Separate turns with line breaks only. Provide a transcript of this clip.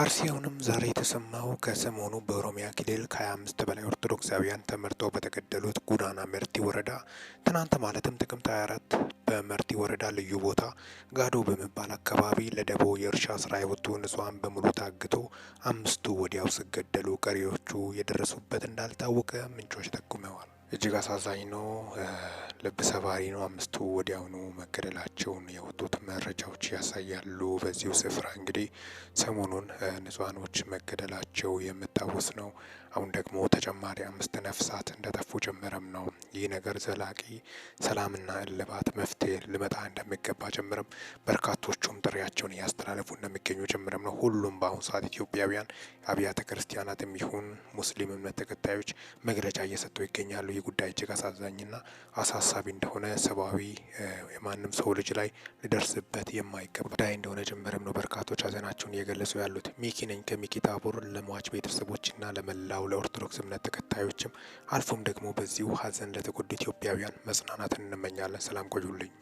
አርሲያውንም ዛሬ የተሰማው ከሰሞኑ በኦሮሚያ ክልል ከ25 በላይ ኦርቶዶክሳውያን ተመርጠው በተገደሉት ጉዳና መርቲ ወረዳ ትናንት ማለትም ጥቅምት 24 በመርቲ ወረዳ ልዩ ቦታ ጋዶ በመባል አካባቢ ለደቦ የእርሻ ስራ የወጡ ንጹሐን በሙሉ ታግቶ አምስቱ ወዲያው ሲገደሉ ቀሪዎቹ የደረሱበት እንዳልታወቀ ምንጮች ጠቁመዋል። እጅግ አሳዛኝ ነው። ልብ ሰባሪ ነው። አምስቱ ወዲያውኑ መገደላቸውን የወጡት መረጃዎች ያሳያሉ። በዚሁ ስፍራ እንግዲህ ሰሞኑን ንጹሃኖች መገደላቸው የምታወስ ነው። አሁን ደግሞ ተጨማሪ አምስት ነፍሳት እንደጠፉ ጭምርም ነው። ይህ ነገር ዘላቂ ሰላምና እልባት መፍትሄ ልመጣ እንደሚገባ ጭምርም በርካቶቹም ጥሪያቸውን እያስተላለፉ እንደሚገኙ ጭምርም ነው። ሁሉም በአሁኑ ሰዓት ኢትዮጵያውያን አብያተ ክርስቲያናት ይሁን ሙስሊም እምነት ተከታዮች መግለጫ እየሰጡ ይገኛሉ። ይህ ጉዳይ እጅግ አሳዛኝና አሳ አሳሳቢ እንደሆነ ሰብአዊ የማንም ሰው ልጅ ላይ ሊደርስበት የማይገባ ጉዳይ እንደሆነ ጭምርም ነው በርካቶች ሀዘናቸውን እየገለጹ ያሉት። ሚኪ ነኝ ከሚኪ ታቦር ለሟች ቤተሰቦችና ለመላው ለኦርቶዶክስ እምነት ተከታዮችም አልፎም ደግሞ በዚሁ ሀዘን ለተጎዱ ኢትዮጵያውያን መጽናናትን እንመኛለን። ሰላም ቆዩልኝ።